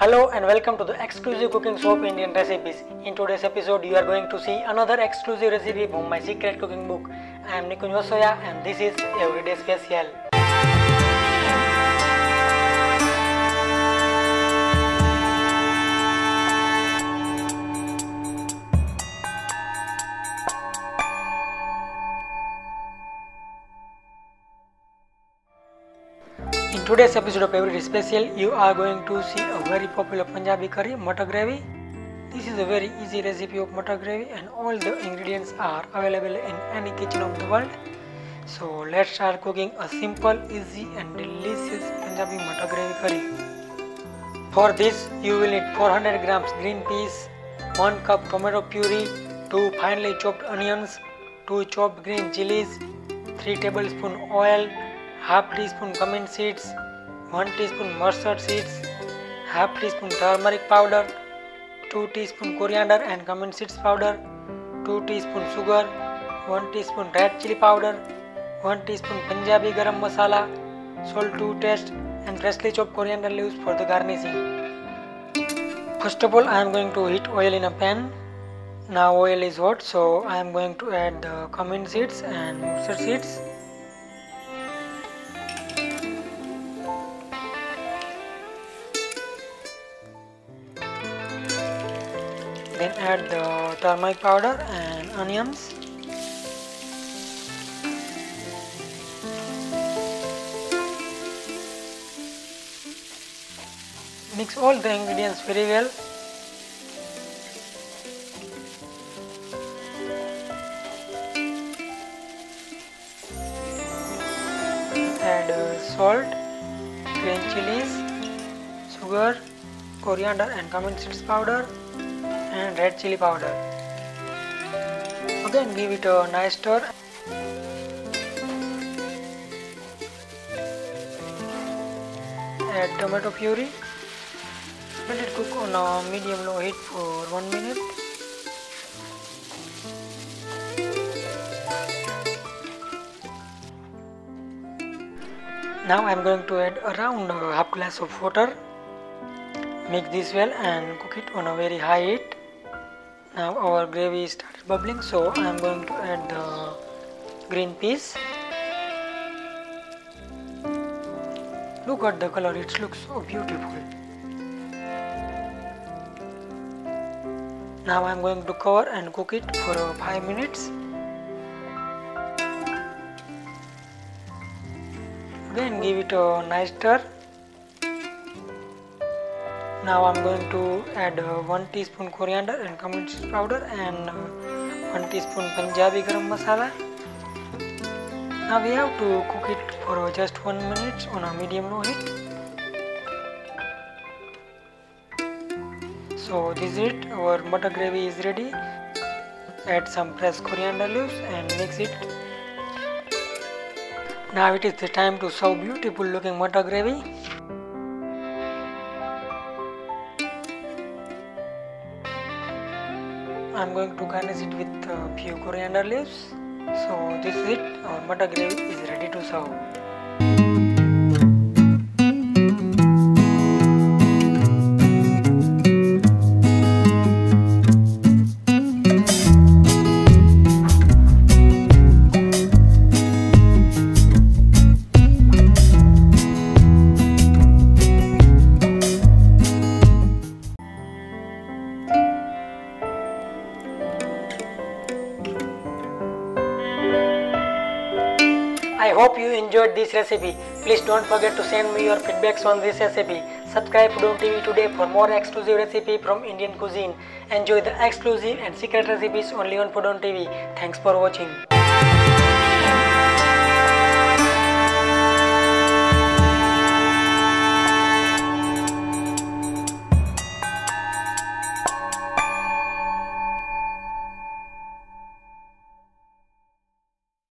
Hello and welcome to the exclusive cooking soap Indian recipes. In today's episode you are going to see another exclusive recipe from my secret cooking book. I am Nikunj Vasoya and this is Everyday Special. In today's episode of Everyday Special, you are going to see a very popular Punjabi curry, mutter gravy. This is a very easy recipe of mutter gravy and all the ingredients are available in any kitchen of the world. So let's start cooking a simple, easy and delicious Punjabi mutter gravy curry. For this, you will need 400 grams green peas, 1 cup tomato puree, 2 finely chopped onions, 2 chopped green chilies, 3 tablespoon oil, half teaspoon cumin seeds one teaspoon mustard seeds half teaspoon turmeric powder two teaspoon coriander and cumin seeds powder two teaspoon sugar one teaspoon red chilli powder one teaspoon Punjabi garam masala salt to taste and freshly chop coriander leaves for the garnishing first of all I am going to heat oil in a pan now oil is hot so I am going to add the cumin seeds and mustard seeds then add the turmeric powder and onions mix all the ingredients very well add uh, salt green chilies sugar coriander and cumin seeds powder and red chili powder. Again give it a nice stir. Add tomato puree. Let it cook on a medium low heat for 1 minute. Now I am going to add around half glass of water mix this well and cook it on a very high heat now our gravy started bubbling so I am going to add the green peas look at the color it looks so beautiful now I am going to cover and cook it for uh, 5 minutes Then give it a nice stir now I'm going to add uh, 1 teaspoon coriander and cumin powder and uh, 1 teaspoon Punjabi garam masala now we have to cook it for uh, just 1 minute on a medium low heat so this is it our mutton gravy is ready add some fresh coriander leaves and mix it now it is the time to serve beautiful looking mutton gravy I'm going to garnish it with uh, few coriander leaves. So this is it. Our mutton gravy is ready to serve. I hope you enjoyed this recipe. Please don't forget to send me your feedbacks on this recipe. Subscribe Udon TV today for more exclusive recipe from Indian cuisine. Enjoy the exclusive and secret recipes only on Udon TV. Thanks for watching.